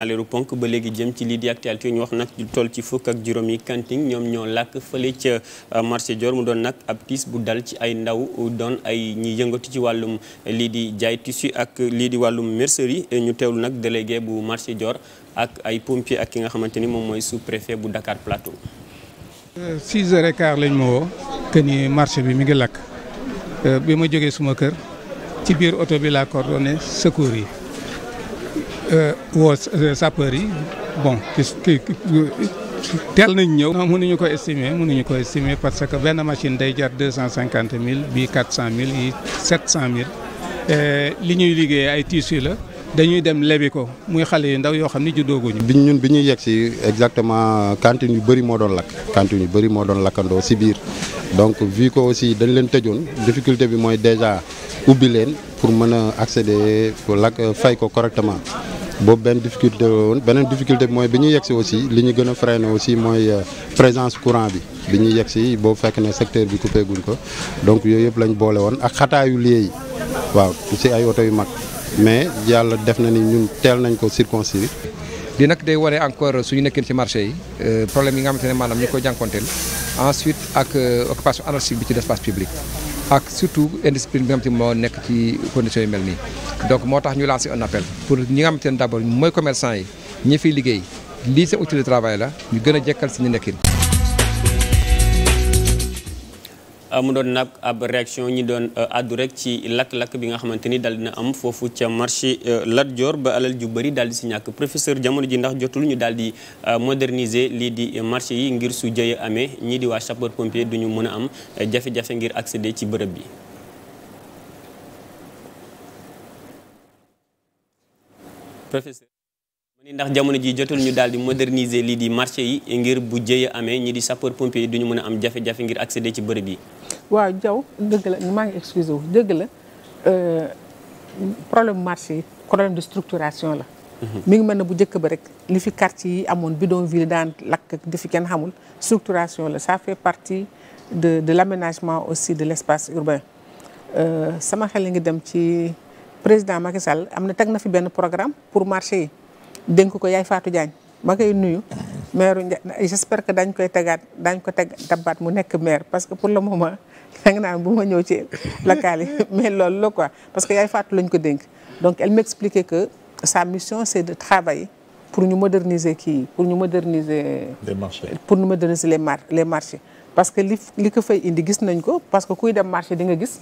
aleeru ponk ba léegi jëm ci lii di actualité ñu wax nag toll ci fukk ak juróom yi kanting ñoom ñoo làkk fële ca euh, marché Dior mu doon nag ab tiis bu dal ci ay ndaw doon ay ñi yëngatu ci wàllum lii di jaay tissu ak lii di wàllum mercerie ñu teewlu nag délégué bu marché Dior ak ay pompier ak ki nga xamante ni moom mooy sous-préfet bu Dakar Plateau. 6 heures et lañ ma woo que ni marché bi mi ngi lakk euh, bi ma jógee suma kër ci biir oto bi laa coordonné secours yi. Euh, woo euh, sapeur yi bon ki teel nañ ñëw. non mënuñu ko estimer mënuñu ko estimer parce que benn machine day jar deux cent cinquante mille bii quatre cent mille yi sept cent mille euh, li ñuy liggéey ay tissu la dañuy dem lebi ko muy xale yi ndaw yoo xam ni juddooguñu. bi ñun bi ñuy yegg si exactement cantine yu bëri moo doon lakk cantine yu bëri moo doon lakkandoo si biir donc vu ko aussi dañ leen tëjoon difficulté bi mooy déjà ubbi leen pour mën a accéder pour lakk fay ko correctement. boobu benn difficulté la beneen difficulté bi mooy bi ñu yegsi aussi li ñu gën a freiné aussi mooy euh, présence courant bi bi ñu yegsi boo fekk ne secteur bi coupé guñ ko donc yooyu yëpp lañ boole woon ak xataayu lieu yi waaw si ay oto yu mag mais yàlla def na ni ñun teel nañ ko circonscrire. li nag day wane encore suñu nekkin ci marché yi euh, problème yi nga xamante ne maanaam ñu koy jànkonteel ensuite ak euh, occupation anarchique bi ci espace public. ak surtout indiscipline bi nga xamante ni moo nekk ci conditions yu mel nii donc moo tax ñu lancé un appel pour ñi nga xamante ne d' abord mooy commerçant yi ñi fiy liggéey lii seen outil de travail la ñu gën a jekkal suñu nekkin mu doon nag ab ñi doon euh, àddu rek ci lakk-lakk bi nga xamante ni daal dina am foofu ca marché euh, Lat Dior ba alal ju bëri daal si ñàkk professeur jamono ji ndax jotul ñu daal di euh, moderniser lii di marché yi ngir su jëye amee ñii di waa sapeur pompier du mën a am jafe ngir accéder ci bërëb bi. professeur ma ni ndax jamono ji jotul ñu daal di moderniser lii di marché yi ngir bu jëye amee ñi di sapeur pompier yi du ñu a am jafe-jafe ngir accéder ci bërëb yi. waaw jaw dëgg la maa ngi excuse wu dëgg la euh, problème marché yi problème de structuration la mhm. mi ngi mel ne bu njëkk ba rek li fi quartier yi amoon bi bidonville daan lakk di fi kenn xamul structuration la ça fait partie de de l'aménagement aussi de l'espace urbain euh, sama xel ngi dem ci président Macky Sall am na teg na fi benn programme pour marché yi dénk ko Yaay Fatou Diagne ma koy nuyu maire j'espère que dañ koy tegaat dañ ko teg dabbaat mu nekk maire parce que pour le moment danga naan bu ma ñëw ci locales mais loolu la quoi parce que yaay fàttu lañ ko dénk donc elle m'expliquait que sa mission c'est de travailler pour ñu moderniser kii pour ñu moderniser. les marchés pour ñu moderniser les mar les marchés. parce que li li ko fay indi gis nañ ko parce que kuy dem marché di nga gis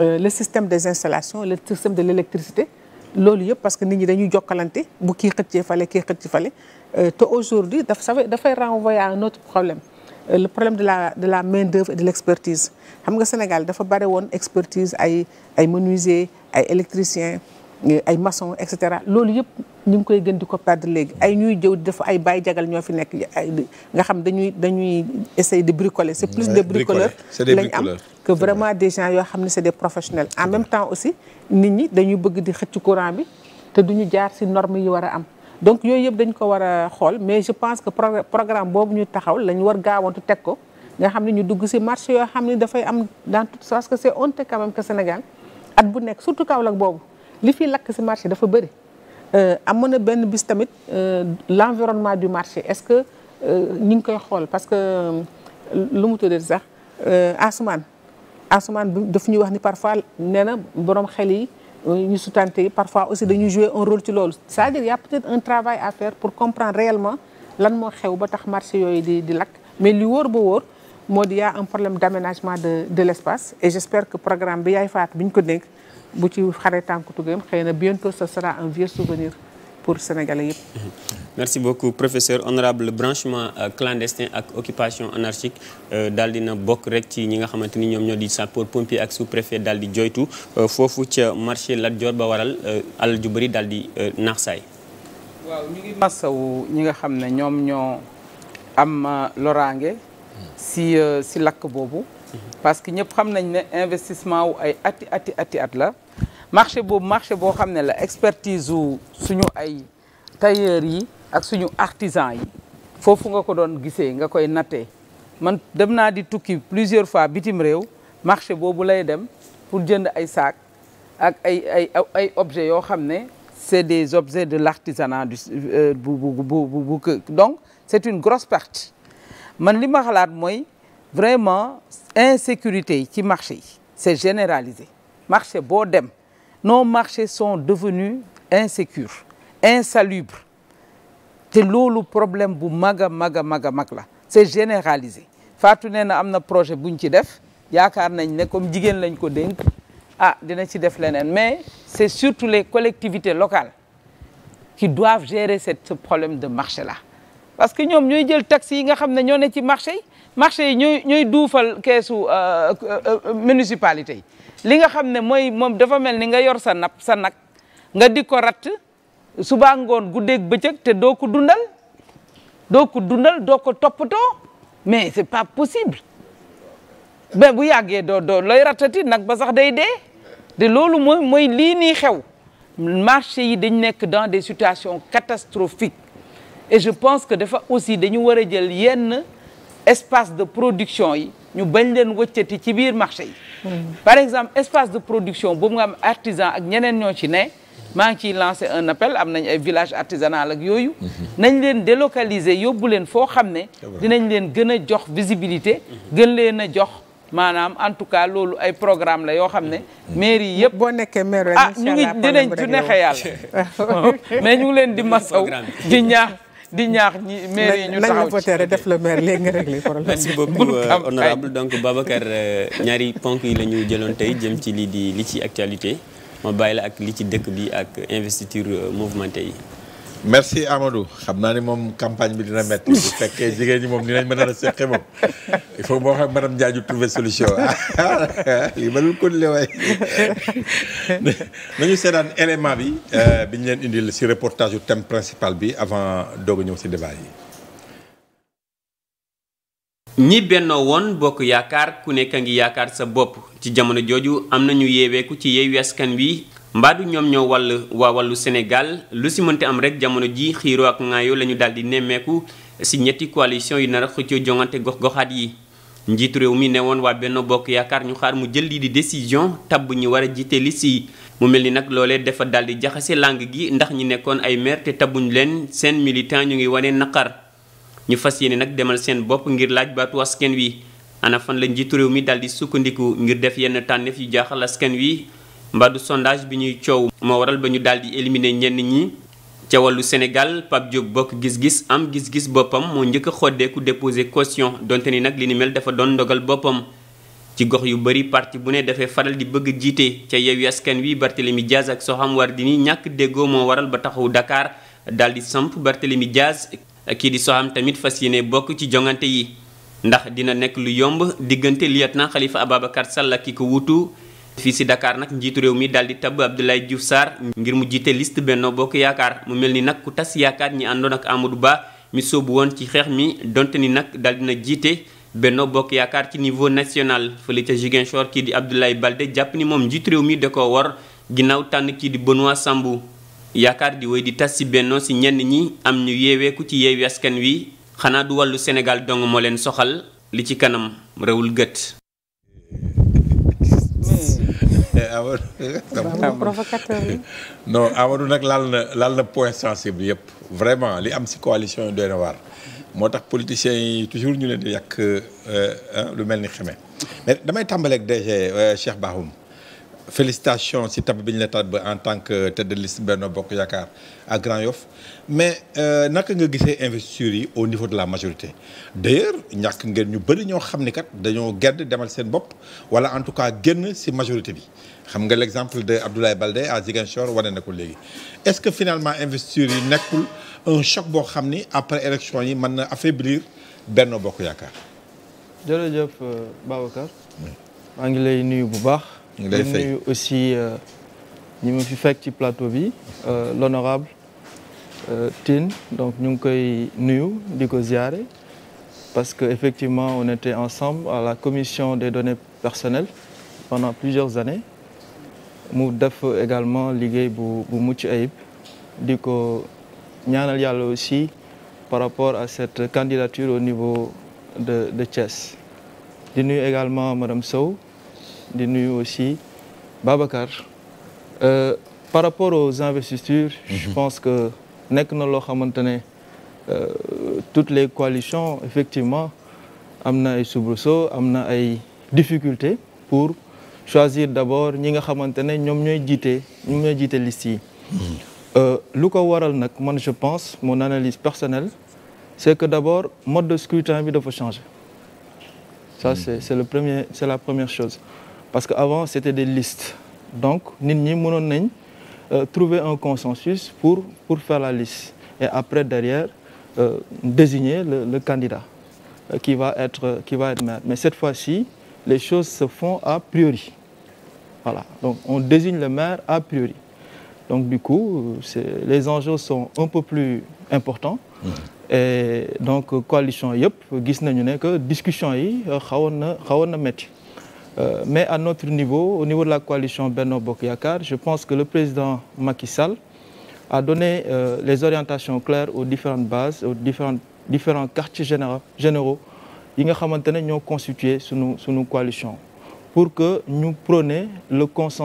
euh, le système des installations le système de l'électricité loolu yëpp parce que nit ñi dañuy jokkalante bu kii xëccee fale kii xëcc fale euh, te aujourd'hui daf dafay renvoyer à un autre problème. Euh, le problème de la de la main d'œuvre et de l'expertise xam nga Sénégal dafa bare woon expertise ay ay menuisier ay électricien euh, ay mason et cetera loolu yëpp ñu ngi koy gën di ko perdre léegi ay ñuy jëw di dafa ay bay jagal ñoo fi nekk nga xam dañuy dañuy essayer de bricoler c'est plus des bricoleurs lañ am que vraiment des gens yoo xam ne c'est des professionnels en même temps aussi nit ñi dañuy bëgg di xëcc courant bi te duñu jaar si norme yi war a am donc yooyu yëpp dañ ko war a xool mais je pense que programme boobu ñu taxaw lañ war gaawantu teg ko nga xam ne ñu dugg si marché yoo xam ne dafay am dans tout parce que c'est honte quand même que Sénégal at bu nekk surtout Kaolack boobu li fi lakk si marché dafa bëri euh, amoon na benn bis tamit euh, l'environnement du marché est-ce que euh, ñu ngi koy xool parce que lu mu tuddee sax asamaan asamaan bi daf ñuy wax ni parfois nee na boroom xel yi ñu sutante yi parfois aussi dañuy jouer un rôle ci loolu c'est-à-dire y a peut travail à faire pour comprendre réellement lan moo xew ba tax marché yooyu di di lakk mais li wor ba wóor moo di y a problème d'aménagement de de l'espace et j'espère que programme bi yaay faat bi ko dénk bu ci xaree tànku tuggeem xëy na bientôt ce sera un vieux souvenir pour sénégalais yëpp merci beaucoup professeur honorable branchement euh, clandestin ak occupation anarchique euh, daal di na bokk rek ci ñi nga xamante ni ñoom ñoo di sapeur pompier ak sous préfet daal di joytu euh, foofu ca marché Lat Dior ba waral alal ju bëri daal di naax saay. waaw ñu ngi masawu ñi nga xam ne ñoom ñoo am loraange. si si lakk boobu. parce que ñëpp xam nañ ne investissement wu ay ati ati at la. marché boobu marché boo xam ne la expertise wu suñu ay tailleur yi. ak suñu artisan yi foofu nga ko doon gisee nga koy nattee man dem naa di tukki plusieurs fois bitim réew marché boobu lay dem pour jënd ay saak ak ay ay objets yoo xam ne c'est des objets de l'artisanat du euh, bu bu bu donc c'est une grosse partie man li ma xalaat mooy vraiment insécurité yi ci marché yi c'est généraliser marché boo dem nos marchés sont devenus insécures insalubres te loolu problème bu mag a mag a mag a mag la c'est généralisé Fatou nee na am na projet buñ ci def yaakaar nañ ne comme jigéen lañ ko dénk ah dina ci def leneen mais c'est surtout les collectivités locales qui doivent gérer cette ce problème de marché là parce que ñoom ñooy jël taxes yi nga xam ne ñoo ne ci marché yi marché yi ñooy ñooy duufal keesu euh, euh, euh, municipalité yi li nga xam ne mooy moom dafa mel ni nga yor sa napp sa nag nga di ko ratt subaa ngoon guddeeg bëccëg te doo ko dundal doo ko dundal doo ko toppatoo mais c'est pas possible mais bu yàggee doo doo looy ratati nag ba sax day de te loolu mooy mooy lii nii xew marché yi dañ nekk dans des situations catastrophiques et je pense que dafa aussi dañu war a jël yenn espace de production yi ñu bañ leen wëccati ci biir marché yi hmm. par exemple espace de production boobu nga am artisan ak ñeneen ñoo ci ne maa ngi ciy un appel am nañ ay village artisanal ak yooyu nañ leen délocaliser yóbbu leen foo xam ne dinañ leen gën a jox visibilité gën leen a jox maanaam en tout cas loolu ay programme la yoo xam ne mairie yëpp boo nekkee maire ah ñu ngi dinañ du nexe yàlla mais ñu ngi leen di masaw di ñaax di ñaax ñi maire yi ñu taxaw ci voter def le maire léegi nga régler problème merci euh, euh, ñaari ponk yi la ñu jëloon tey jëm ci lii di li ci actualité ma bàyyi la ak lii ci dëkk bi ak investiture euh, mouvementé yi. merci Amadou xam naa ni moom campagne bi dina metti bu fekkee jigéen ñi moom dinañ mën a seqe moom il faut moo xam madame Diadio trouver solution lii mënul continuer waaye nañu seetaan élément bi euh, bi ñu leen indil si reportage yu thème principal bi avant doog ñëw ci débat yi. ñi bennoo woon bokk yaakaar ku nekk a ngi yaakaar sa bopp ci jamono jooju am nañu yeeweeku ci yeewi askan wi mbaadu ñoom ñoo wàll waa wàllu Sénégal lu si mënti am rek jamono ji xiiroo ak ŋaayoo la ñu daal di nemmeeku si ñetti coalition yi nar a xëccoo jongante gox-goxaat yi njiitu réew mi ne woon waa Benno Bokk Yaakaar ñu xaar mu jël lii di décision tabb ñu war a jiite liste si mu mel ni nag loolee dafa daal di jaxase làng gi ndax ñi nekkoon ay maire te tabbuñ leen seen militant ñu ngi wane naqar ñu fas yéene nag demal seen bopp ngir laaj baatu askan wi ana fan la njiitu réew mi daal sukkandiku ngir def yenn tànneef yu jaaxal askan wi mbaadu sondage bi ñuy coow moo waral ba ñu daal di éliminer ñenn ñi. ca wàllu Sénégal Pape Diop bokk gis-gis am gis-gis boppam moo njëkk xoddeeku déposé caution donte ni nag li ni mel dafa doon ndogal boppam. ci gox yu bari parti bu ne dafay faral di bëgg jiite ca Yewwi Askan Wi Barthélemy Diaz ak Soham Wardini ñàkk déggoo moo waral ba taxawu Dakar daal di samp Barthélemy kii di Soham tamit fas yéene bokk ci jongante yi ndax dina nekk lu yomb diggante lieutenant Khalifa Ababacar Sall ki ko wutu fii si Dakar nag njiitu réew mi daal di tabb Abdoulaye Diouf Sarr ngir mu jiite list Benno Bokk Yaakaar mu mel ni nag ku tas yaakaar ñi àndoon ak Amadou Ba mi soobu woon ci xeex mi donte ni nag daal dina jiite Benno Bokk Yaakaar ci niveau national fële ca Ziguinchor kii di Abdoulaye Balde jàpp ni moom njiitu réew mi da koo war ginnaaw tànn kii di Benoît Sambou yaakaar di woy di tas ci bennoo si ñenn ñi am ñu yeeweeku ci yeewi askan wi xanaa du wàllu Sénégal dong moo leen soxal li ci kanam réewul gët. non Amadou nag laal na laal na point sensible yëpp vraiment li am ci coalition yi doy na moo tax politiciens yi toujours ñu leen di yàq euh, lu mel ni xeme mais damay tàmbaleeg DG euh, Cheikh Bakhoum félicitations si tab bi ñu la taat en tant que tête de liste Benno Bokk Yaakaar à Grand Yoff mais euh, naka nga gisee investiture yi au niveau de la majorité d'ailleurs ñàkk ngeen ñu bëri ñoo xam ni kat dañoo gedd demal seen bopp wala en tout cas génn si majorité bi xam nga l'exemple de Abdoulaye Baldé à Ziguinchor wane na ko léegi est-ce que finalement investiture yi nekkul un choc boo xam ni après élection yi mën na affaiblir Benno Bokk Yaakaar. jërëjëf euh, bu baax. ñu lay fay nuyu aussi euh, ñi ma fi fekk ci plateau bi euh, l'honorable euh, Tine donc ñu ngi koy nuyu di ko ziare parce que effectivement on était ensemble à la commission des données personnelles pendant plusieurs années mu def également liggéey bu bu mucc ayib di ko ñaanal yàlla aussi par rapport à cette candidature au niveau de de Thiès di nuyu également madame Sow di nuyu aussi Babacar euh, par rapport aux investitures mm je mhm. pense que nekk na loo xamante ne euh, toutes les coalitions effectivement am na ay soubresaut am na ay difficultés pour choisir d'abord ñi nga xamante ne ñoom ñooy jiite ñoom ñooy jiite liste yi mhm. euh, lu ko waral nag man je pense mon analyse personnelle c'est que d'abord mode de scrutin de dafa changer ça mhm. c'est c'est le premier c'est la première chose parce que avant c'était des listes donc nit ñi mënoon nañ euh, trouver un consensus pour pour faire la liste et après derrière euh, désigner le, le candidat euh, qui va être euh, qui va être maire mais cette fois-ci les choses se font à priori voilà donc on désigne le maire a priori donc du coup euh, c'est les enjeux sont un peu plus importants mmh. et donc coalition yëpp gis nañu ne que discussion yi xawoon na xawoon na métti Euh, mais à notre niveau, au niveau de la coalition Benno Bokk Yakaar, je pense que le président Macky Sall a donné euh, les orientations claires aux différentes bases, aux différentes, différents quartiers généraux, généraux yi nga xamante ne ñoo constitué sunu sunu coalition pour que ñu prône le consensus